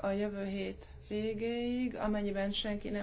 a jövő hét végéig, amennyiben senki nem